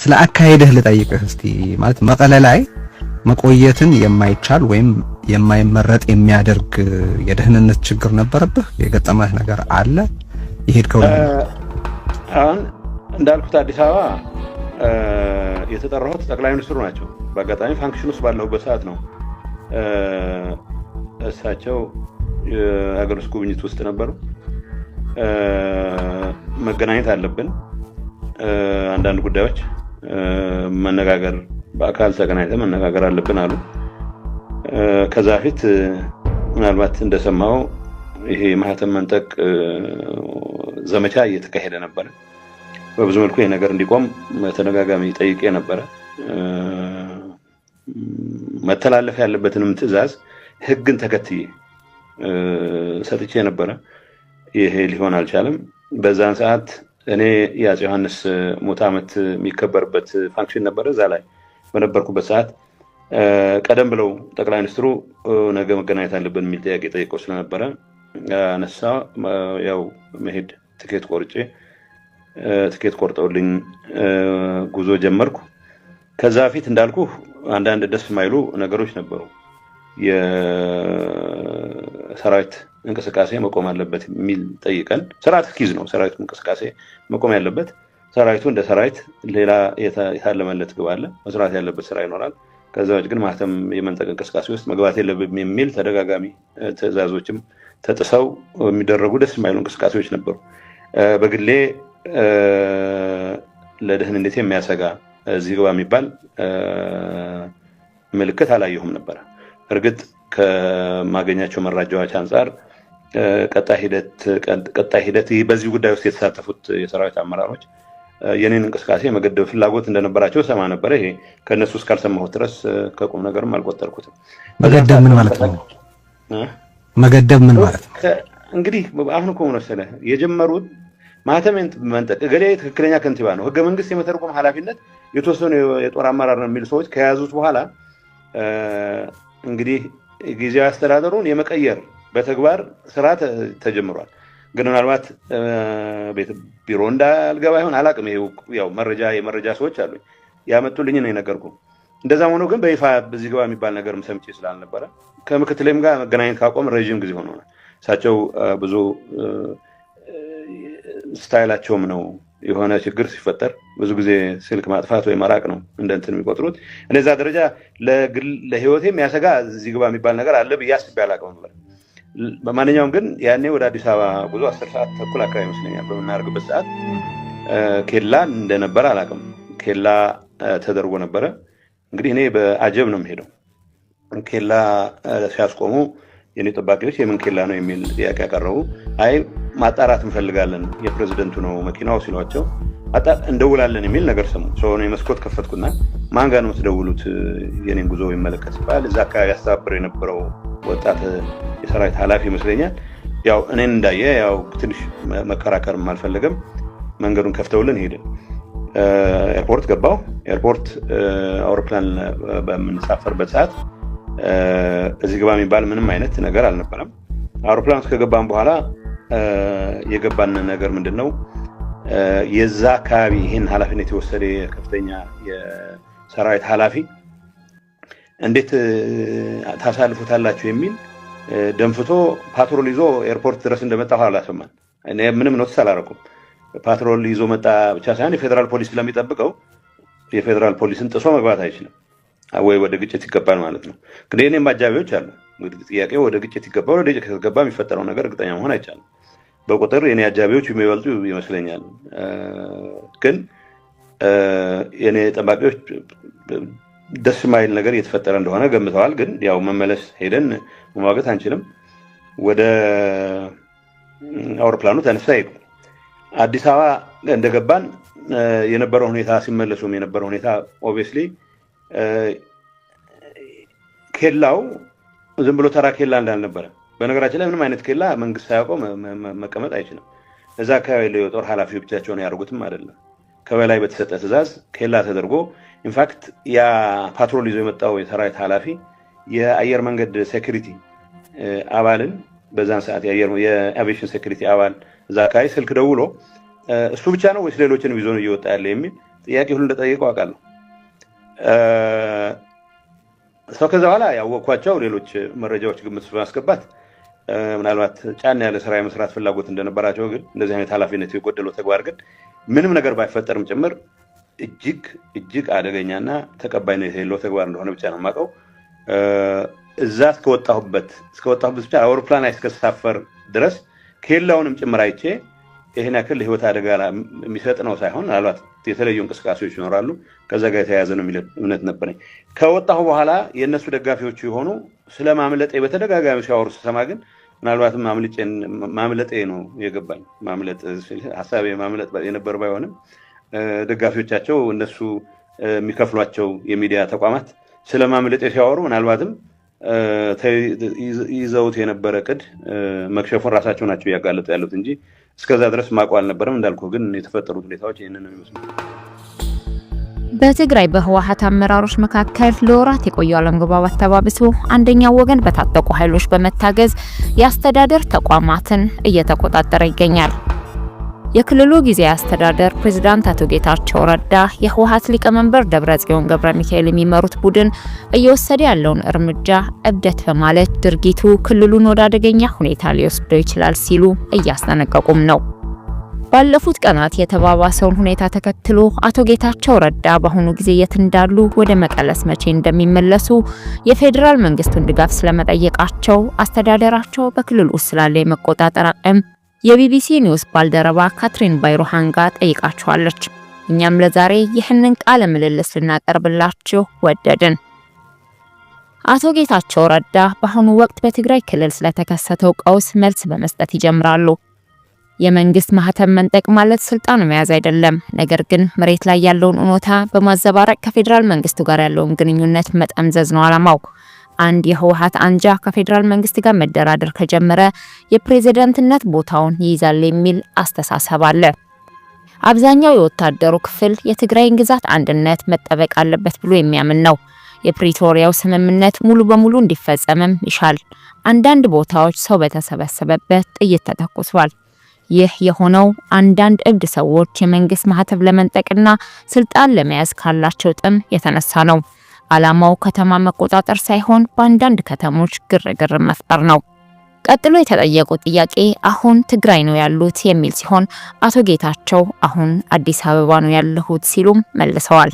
ስለ አካሄድህ ልጠይቅህ እስቲ። ማለት መቀለ ላይ መቆየትን የማይቻል ወይም የማይመረጥ የሚያደርግ የደህንነት ችግር ነበረብህ? የገጠመህ ነገር አለ? የሄድከው አሁን እንዳልኩት አዲስ አበባ የተጠራሁት ጠቅላይ ሚኒስትሩ ናቸው። በአጋጣሚ ፋንክሽን ውስጥ ባለሁበት ሰዓት ነው። እሳቸው የሀገር ውስጥ ጉብኝት ውስጥ ነበሩ። መገናኘት አለብን አንዳንድ ጉዳዮች መነጋገር በአካል ተገናኝተ መነጋገር አለብን አሉ። ከዛ ፊት ምናልባት እንደሰማው ይሄ ማህተም መንጠቅ ዘመቻ እየተካሄደ ነበረ። በብዙ መልኩ ይሄ ነገር እንዲቆም በተደጋጋሚ ጠይቄ ነበረ። መተላለፍ ያለበትንም ትዕዛዝ ህግን ተከትዬ ሰጥቼ ነበረ። ይሄ ሊሆን አልቻለም። በዛን ሰዓት እኔ የአፄ ዮሐንስ ሙት ዓመት የሚከበርበት ፋንክሽን ነበረ። እዛ ላይ በነበርኩበት ሰዓት ቀደም ብለው ጠቅላይ ሚኒስትሩ ነገ መገናኘት አለብን የሚል ጥያቄ ጠይቀው ስለነበረ ያነሳ ያው መሄድ ትኬት ቆርጬ ትኬት ቆርጠውልኝ ጉዞ ጀመርኩ። ከዛ በፊት እንዳልኩ አንዳንድ ደስ የማይሉ ነገሮች ነበሩ። የሰራዊት እንቅስቃሴ መቆም አለበት የሚል ጠይቀን ስርዓት ኪዝ ነው ሰራዊቱ እንቅስቃሴ መቆም ያለበት ሰራዊቱ እንደ ሰራዊት ሌላ የታለመለት ግብ አለ፣ መስራት ያለበት ስራ ይኖራል። ከዛ ግን ማህተም የመንጠቅ እንቅስቃሴ ውስጥ መግባት የለብም የሚል ተደጋጋሚ ትእዛዞችም ተጥሰው የሚደረጉ ደስ የማይሉ እንቅስቃሴዎች ነበሩ። በግሌ ለደህንነት የሚያሰጋ እዚህ ግባ የሚባል ምልክት አላየሁም ነበረ። እርግጥ ከማገኛቸው መራጃዎች አንጻር ቀጣይ ሂደት ይህ በዚህ ጉዳይ ውስጥ የተሳተፉት የሰራዊት አመራሮች የኔን እንቅስቃሴ መገደብ ፍላጎት እንደነበራቸው ሰማ ነበረ። ይሄ ከእነሱ እስካልሰማሁት ድረስ ከቁም ነገርም አልቆጠርኩትም። መገደብ ምን ማለት ነው? መገደብ ምን ማለት ነው? እንግዲህ አሁን እኮ መሰለህ የጀመሩት ማህተሜን መንጠቅ እገሌ ትክክለኛ ከንቲባ ነው፣ ህገ መንግስት የመተርጎም ኃላፊነት የተወሰኑ የጦር አመራር ነው የሚሉ ሰዎች ከያዙት በኋላ እንግዲህ ጊዜያዊ አስተዳደሩን የመቀየር በተግባር ስራ ተጀምሯል። ግን ምናልባት ቢሮ እንዳልገባ ይሆን አላቅም። ያው መረጃ የመረጃ ሰዎች አሉኝ ያመጡልኝ ነው የነገርኩ። እንደዛም ሆኖ ግን በይፋ በዚህ ግባ የሚባል ነገርም ሰምቼ ስላልነበረ ከምክትሌም ጋር መገናኘት ካቆም ረዥም ጊዜ ሆኖናል። እሳቸው ብዙ ስታይላቸውም ነው የሆነ ችግር ሲፈጠር ብዙ ጊዜ ስልክ ማጥፋት ወይ መራቅ ነው እንደ እንትን የሚቆጥሩት። እዛ ደረጃ ለህይወቴ የሚያሰጋ እዚህ ግባ የሚባል ነገር አለ ብዬ አስቤ አላውቅም ነበር። በማንኛውም ግን ያኔ ወደ አዲስ አበባ ጉዞ አስር ሰዓት ተኩል አካባቢ ይመስለኛል በምናደርግበት ሰዓት ኬላ እንደነበረ አላውቅም። ኬላ ተደርጎ ነበረ። እንግዲህ እኔ በአጀብ ነው የምሄደው። ኬላ ሲያስቆሙ የኔ ጠባቂዎች የምን ኬላ ነው የሚል ጥያቄ ያቀረቡ፣ አይ ማጣራት እንፈልጋለን የፕሬዚደንቱ ነው መኪናው ሲሏቸው እንደውላለን የሚል ነገር ሰሙ። ሰሆነ የመስኮት ከፈትኩና ማን ጋር ነው የምትደውሉት የኔን ጉዞ ይመለከት ሲባል እዛ አካባቢ ያስተባብር የነበረው ወጣት የሰራዊት ኃላፊ ይመስለኛል። ያው እኔን እንዳየ ያው ትንሽ መከራከርም አልፈለገም። መንገዱን ከፍተውልን ሄድን። ኤርፖርት ገባው። ኤርፖርት አውሮፕላን በምንሳፈርበት ሰዓት እዚህ ግባ የሚባል ምንም አይነት ነገር አልነበረም። አውሮፕላን ውስጥ ከገባን በኋላ የገባን ነገር ምንድን ነው? የዛ አካባቢ ይህን ኃላፊነት የወሰደ የከፍተኛ የሰራዊት ኃላፊ እንዴት ታሳልፉታላችሁ የሚል ደንፍቶ ፓትሮል ይዞ ኤርፖርት ድረስ እንደመጣ ኋላ ሰማን። ምንም ኖትስ አላረኩም። ፓትሮል ይዞ መጣ ብቻ ሳይሆን የፌዴራል ፖሊስ ስለሚጠብቀው የፌዴራል ፖሊስን ጥሶ መግባት አይችልም፣ ወይ ወደ ግጭት ይገባል ማለት ነው። እንግዲህ እኔም አጃቢዎች አሉ። ጥያቄ ወደ ግጭት ይገባል፣ ወደ ግጭት ከተገባ የሚፈጠረው ነገር እርግጠኛ መሆን አይቻልም። በቁጥር የኔ አጃቢዎች የሚበልጡ ይመስለኛል። ግን የኔ ጠባቂዎች ደስ የማይል ነገር እየተፈጠረ እንደሆነ ገምተዋል። ግን ያው መመለስ ሄደን መሟገት አንችልም። ወደ አውሮፕላኑ ተነሳ ሄዱ። አዲስ አበባ እንደገባን የነበረው ሁኔታ ሲመለሱም የነበረው ሁኔታ ኦብቪየስሊ ኬላው ዝም ብሎ ተራ ኬላ እንዳልነበረ በነገራችን ላይ ምንም አይነት ኬላ መንግስት ሳያውቀው መቀመጥ አይችልም። እዛ አካባቢ የጦር ብቻቸውን ያደርጉትም አይደለም። ከበላይ በተሰጠ ትዕዛዝ ኬላ ተደርጎ ኢንፋክት ያ ፓትሮል ይዞ የመጣው የሰራዊት ኃላፊ የአየር መንገድ ሴኩሪቲ eh, አባልን በዛን ሰዓት የአቪዬሽን ሴኩሪቲ አባል እዛ አካባቢ ስልክ ደውሎ eh, እሱ ብቻ ነው ወይስ ሌሎችን ይዞ ነው እየወጣ ያለ የሚል ጥያቄ ሁሉ እንደጠየቀው አውቃለሁ። eh, ሰው ከዛ በኋላ ያወቅኳቸው ሌሎች መረጃዎች ግምት በማስገባት ምናልባት ጫና ያለ ስራ የመስራት ፍላጎት እንደነበራቸው ግን እንደዚህ አይነት ኃላፊነት የጎደለው ተግባር ግን ምንም ነገር ባይፈጠርም ጭምር እጅግ እጅግ አደገኛና ተቀባይነት የሌለው ተግባር እንደሆነ ብቻ ነው የማውቀው። እዛ እስከወጣሁበት እስከወጣሁበት ብቻ አውሮፕላን እስከተሳፈር ድረስ ኬላውንም ጭምር አይቼ ይህን ያክል ለህይወት አደጋ የሚሰጥ ነው ሳይሆን ምናልባት የተለዩ እንቅስቃሴዎች ይኖራሉ፣ ከዛ ጋር የተያያዘ ነው የሚል እምነት ነበረኝ። ከወጣሁ በኋላ የእነሱ ደጋፊዎች የሆኑ ስለ ማምለጤ በተደጋጋሚ ሲያወሩ ስሰማ ግን ምናልባትም ማምለጤ ነው የገባኝ። ማምለጥ ሀሳቤ ማምለጥ የነበረ ባይሆንም ደጋፊዎቻቸው እነሱ የሚከፍሏቸው የሚዲያ ተቋማት ስለ ማምለጤ ሲያወሩ ምናልባትም ይዘውት የነበረ ቅድ መክሸፉን ራሳቸው ናቸው እያጋለጡ ያሉት እንጂ እስከዛ ድረስ ማቁ አልነበረም። እንዳልኩ ግን የተፈጠሩት ሁኔታዎች ይህንን ነው የሚመስሉ። በትግራይ በህወሀት አመራሮች መካከል ለወራት የቆየው አለመግባባት ተባብሶ አንደኛው ወገን በታጠቁ ኃይሎች በመታገዝ የአስተዳደር ተቋማትን እየተቆጣጠረ ይገኛል። የክልሉ ጊዜያዊ አስተዳደር ፕሬዝዳንት አቶ ጌታቸው ረዳ የህወሀት ሊቀመንበር ደብረጽዮን ገብረ ሚካኤል የሚመሩት ቡድን እየወሰደ ያለውን እርምጃ እብደት በማለት ድርጊቱ ክልሉን ወደ አደገኛ ሁኔታ ሊወስደው ይችላል ሲሉ እያስጠነቀቁም ነው። ባለፉት ቀናት የተባባሰውን ሁኔታ ተከትሎ አቶ ጌታቸው ረዳ በአሁኑ ጊዜ የት እንዳሉ፣ ወደ መቀለስ መቼ እንደሚመለሱ የፌዴራል መንግስቱን ድጋፍ ስለመጠየቃቸው አስተዳደራቸው በክልል ውስጥ ስላለ የመቆጣጠር አቅም የቢቢሲ ኒውስ ባልደረባ ካትሪን ባይሮሃንጋ ጋር እኛም ለዛሬ ይህንን ቃለ ምልልስ ልናቀርብላችሁ ወደድን። አቶ ጌታቸው ረዳ በአሁኑ ወቅት በትግራይ ክልል ስለተከሰተው ቀውስ መልስ በመስጠት ይጀምራሉ። የመንግስት ማህተም መንጠቅ ማለት ስልጣን መያዝ አይደለም፣ ነገር ግን መሬት ላይ ያለውን እውነታ በማዘባረቅ ከፌዴራል መንግስቱ ጋር ያለውን ግንኙነት መጠምዘዝ ነው አላማው። አንድ የህወሓት አንጃ ከፌዴራል መንግስት ጋር መደራደር ከጀመረ የፕሬዝዳንትነት ቦታውን ይይዛል የሚል አስተሳሰብ አለ። አብዛኛው የወታደሩ ክፍል የትግራይን ግዛት አንድነት መጠበቅ አለበት ብሎ የሚያምን ነው። የፕሪቶሪያው ስምምነት ሙሉ በሙሉ እንዲፈጸምም ይሻል። አንዳንድ ቦታዎች ሰው በተሰበሰበበት ጥይት ተተኩሷል። ይህ የሆነው አንዳንድ እብድ ሰዎች የመንግስት ማህተብ ለመንጠቅና ስልጣን ለመያዝ ካላቸው ጥም የተነሳ ነው። ዓላማው ከተማ መቆጣጠር ሳይሆን በአንዳንድ ከተሞች ግርግር መፍጠር ነው። ቀጥሎ የተጠየቁት ጥያቄ አሁን ትግራይ ነው ያሉት የሚል ሲሆን አቶ ጌታቸው አሁን አዲስ አበባ ነው ያለሁት ሲሉም መልሰዋል።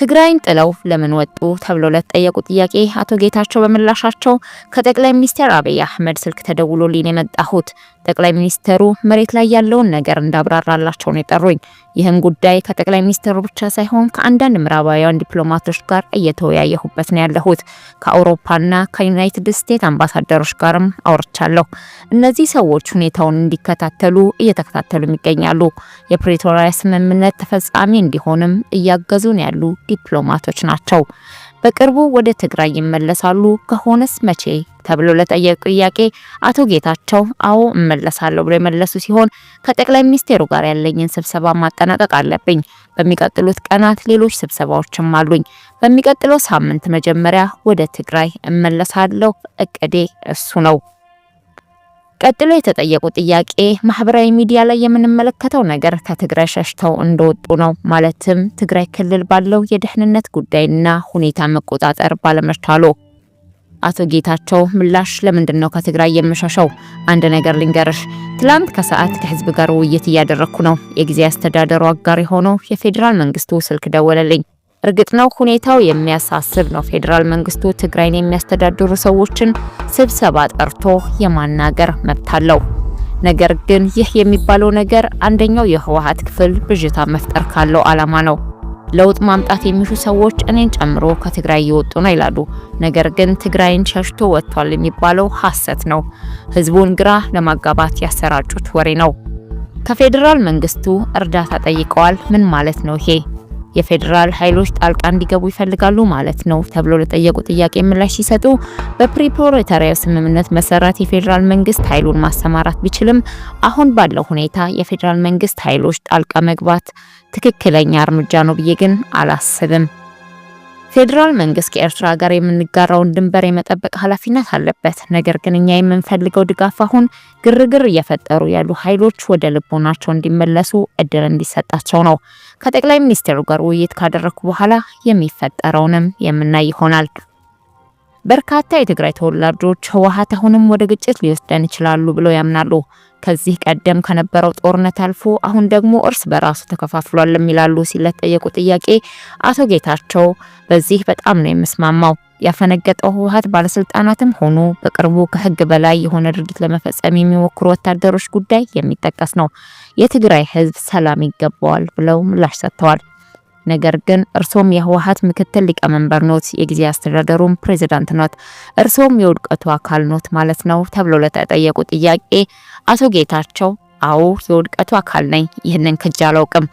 ትግራይን ጥለው ለምን ወጡ ተብለው ለተጠየቁ ጥያቄ አቶ ጌታቸው በምላሻቸው ከጠቅላይ ሚኒስትር አብይ አህመድ ስልክ ተደውሎልኝ የመጣሁት ጠቅላይ ሚኒስተሩ መሬት ላይ ያለውን ነገር እንዳብራራላቸው ነው የጠሩኝ። ይህን ጉዳይ ከጠቅላይ ሚኒስተሩ ብቻ ሳይሆን ከአንዳንድ ምዕራባውያን ዲፕሎማቶች ጋር እየተወያየሁበት ነው ያለሁት። ከአውሮፓና ከዩናይትድ ስቴትስ አምባሳደሮች ጋርም አውርቻለሁ። እነዚህ ሰዎች ሁኔታውን እንዲከታተሉ እየተከታተሉም ይገኛሉ። የፕሪቶሪያ ስምምነት ተፈጻሚ እንዲሆንም እያገዙን ያሉ ዲፕሎማቶች ናቸው። በቅርቡ ወደ ትግራይ ይመለሳሉ ከሆነስ መቼ ተብሎ ለጠየቁ ጥያቄ አቶ ጌታቸው አዎ እመለሳለሁ ብሎ የመለሱ ሲሆን ከጠቅላይ ሚኒስቴሩ ጋር ያለኝን ስብሰባ ማጠናቀቅ አለብኝ። በሚቀጥሉት ቀናት ሌሎች ስብሰባዎችም አሉኝ። በሚቀጥለው ሳምንት መጀመሪያ ወደ ትግራይ እመለሳለሁ። እቅዴ እሱ ነው። ቀጥሎ የተጠየቁ ጥያቄ ማህበራዊ ሚዲያ ላይ የምንመለከተው ነገር ከትግራይ ሸሽተው እንደወጡ ነው። ማለትም ትግራይ ክልል ባለው የደህንነት ጉዳይና ሁኔታ መቆጣጠር ባለመቻሉ። አቶ ጌታቸው ምላሽ ለምንድን ነው ከትግራይ የምሸሸው? አንድ ነገር ልንገርሽ። ትላንት ከሰዓት ከህዝብ ጋር ውይይት እያደረግኩ ነው። የጊዜ አስተዳደሩ አጋር የሆነው የፌዴራል መንግስቱ ስልክ ደወለልኝ። እርግጥ ነው ሁኔታው የሚያሳስብ ነው። ፌዴራል መንግስቱ ትግራይን የሚያስተዳድሩ ሰዎችን ስብሰባ ጠርቶ የማናገር መብት አለው። ነገር ግን ይህ የሚባለው ነገር አንደኛው የህወሓት ክፍል ብዥታ መፍጠር ካለው ዓላማ ነው። ለውጥ ማምጣት የሚሹ ሰዎች እኔን ጨምሮ ከትግራይ እየወጡ ነው ይላሉ። ነገር ግን ትግራይን ሸሽቶ ወጥቷል የሚባለው ሐሰት ነው። ህዝቡን ግራ ለማጋባት ያሰራጩት ወሬ ነው። ከፌዴራል መንግስቱ እርዳታ ጠይቀዋል። ምን ማለት ነው ይሄ? የፌዴራል ኃይሎች ጣልቃ እንዲገቡ ይፈልጋሉ ማለት ነው ተብሎ ለጠየቁ ጥያቄ ምላሽ ሲሰጡ በፕሪቶሪያ ስምምነት መሰረት የፌዴራል መንግስት ኃይሉን ማሰማራት ቢችልም አሁን ባለው ሁኔታ የፌዴራል መንግስት ኃይሎች ጣልቃ መግባት ትክክለኛ እርምጃ ነው ብዬ ግን አላስብም። ፌዴራል መንግስት ከኤርትራ ጋር የምንጋራውን ድንበር የመጠበቅ ኃላፊነት አለበት። ነገር ግን እኛ የምንፈልገው ድጋፍ አሁን ግርግር እየፈጠሩ ያሉ ኃይሎች ወደ ልቦናቸው እንዲመለሱ እድል እንዲሰጣቸው ነው። ከጠቅላይ ሚኒስትሩ ጋር ውይይት ካደረግኩ በኋላ የሚፈጠረውንም የምናይ ይሆናል። በርካታ የትግራይ ተወላጆች ህወሓት አሁንም ወደ ግጭት ሊወስደን ይችላሉ ብለው ያምናሉ። ከዚህ ቀደም ከነበረው ጦርነት አልፎ አሁን ደግሞ እርስ በራሱ ተከፋፍሏል የሚላሉ ሲለጠየቁ ጥያቄ አቶ ጌታቸው በዚህ በጣም ነው የምስማማው፣ ያፈነገጠው ህወሓት ባለስልጣናትም ሆኑ በቅርቡ ከህግ በላይ የሆነ ድርጊት ለመፈጸም የሚሞክሩ ወታደሮች ጉዳይ የሚጠቀስ ነው። የትግራይ ህዝብ ሰላም ይገባዋል ብለው ምላሽ ሰጥተዋል። ነገር ግን እርሶም የህወሀት ምክትል ሊቀመንበር ኖት፣ የጊዜ አስተዳደሩም ፕሬዚዳንት ኖት፣ እርሶም የውድቀቱ አካል ኖት ማለት ነው ተብሎ ለተጠየቁ ጥያቄ አቶ ጌታቸው አዎ የውድቀቱ አካል ነኝ፣ ይህንን ክጅ አላውቅም፣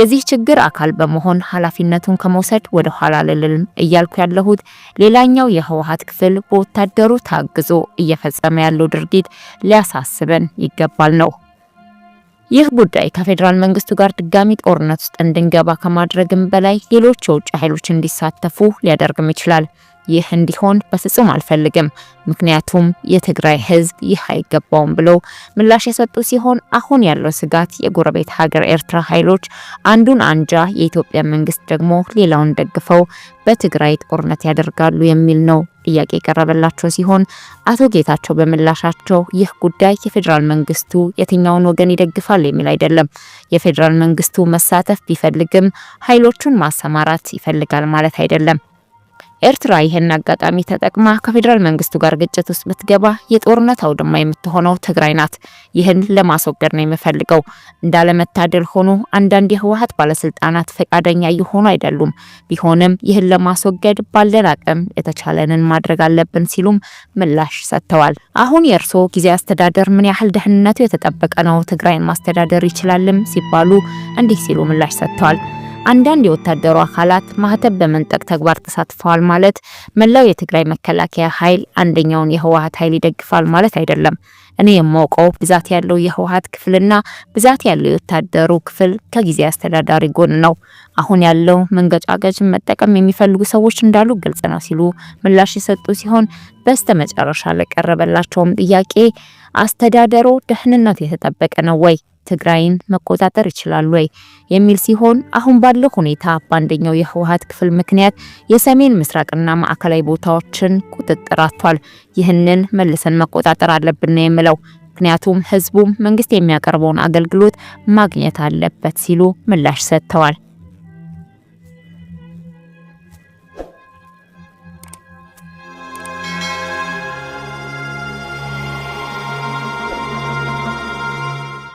የዚህ ችግር አካል በመሆን ኃላፊነቱን ከመውሰድ ወደ ኋላ ልልም እያልኩ ያለሁት ሌላኛው የህወሀት ክፍል በወታደሩ ታግዞ እየፈጸመ ያለው ድርጊት ሊያሳስበን ይገባል ነው። ይህ ጉዳይ ከፌዴራል መንግስቱ ጋር ድጋሚ ጦርነት ውስጥ እንድንገባ ከማድረግም በላይ ሌሎች የውጭ ኃይሎች እንዲሳተፉ ሊያደርግም ይችላል። ይህ እንዲሆን በፍጹም አልፈልግም፣ ምክንያቱም የትግራይ ህዝብ ይህ አይገባውም ብሎ ምላሽ የሰጡ ሲሆን አሁን ያለው ስጋት የጎረቤት ሀገር ኤርትራ ኃይሎች አንዱን አንጃ፣ የኢትዮጵያ መንግስት ደግሞ ሌላውን ደግፈው በትግራይ ጦርነት ያደርጋሉ የሚል ነው። ጥያቄ የቀረበላቸው ሲሆን አቶ ጌታቸው በምላሻቸው ይህ ጉዳይ የፌዴራል መንግስቱ የትኛውን ወገን ይደግፋል የሚል አይደለም። የፌዴራል መንግስቱ መሳተፍ ቢፈልግም ኃይሎቹን ማሰማራት ይፈልጋል ማለት አይደለም። ኤርትራ ይህን አጋጣሚ ተጠቅማ ከፌዴራል መንግስቱ ጋር ግጭት ውስጥ ብትገባ የጦርነት አውድማ የምትሆነው ትግራይ ናት። ይህን ለማስወገድ ነው የምፈልገው። እንዳለመታደል ሆኖ አንዳንድ የህወሀት ባለስልጣናት ፈቃደኛ የሆኑ አይደሉም። ቢሆንም ይህን ለማስወገድ ባለን አቅም የተቻለንን ማድረግ አለብን ሲሉም ምላሽ ሰጥተዋል። አሁን የእርሶ ጊዜ አስተዳደር ምን ያህል ደህንነቱ የተጠበቀ ነው? ትግራይን ማስተዳደር ይችላልም? ሲባሉ እንዲህ ሲሉ ምላሽ ሰጥተዋል። አንዳንድ የወታደሩ አካላት ማህተብ በመንጠቅ ተግባር ተሳትፈዋል ማለት መላው የትግራይ መከላከያ ኃይል አንደኛውን የህወሀት ኃይል ይደግፋል ማለት አይደለም። እኔ የማውቀው ብዛት ያለው የህወሀት ክፍልና ብዛት ያለው የወታደሩ ክፍል ከጊዜ አስተዳዳሪ ጎን ነው። አሁን ያለው መንገጫገጭን መጠቀም የሚፈልጉ ሰዎች እንዳሉ ግልጽ ነው ሲሉ ምላሽ የሰጡ ሲሆን በስተመጨረሻ ለቀረበላቸውም ጥያቄ አስተዳደሩ ደህንነት የተጠበቀ ነው ወይ ትግራይን መቆጣጠር ይችላሉ ወይ የሚል ሲሆን አሁን ባለው ሁኔታ በአንደኛው የህወሓት ክፍል ምክንያት የሰሜን ምስራቅና ማዕከላዊ ቦታዎችን ቁጥጥር አጥቷል። ይህንን መልሰን መቆጣጠር አለብን ነው የምለው። ምክንያቱም ህዝቡም መንግስት የሚያቀርበውን አገልግሎት ማግኘት አለበት ሲሉ ምላሽ ሰጥተዋል።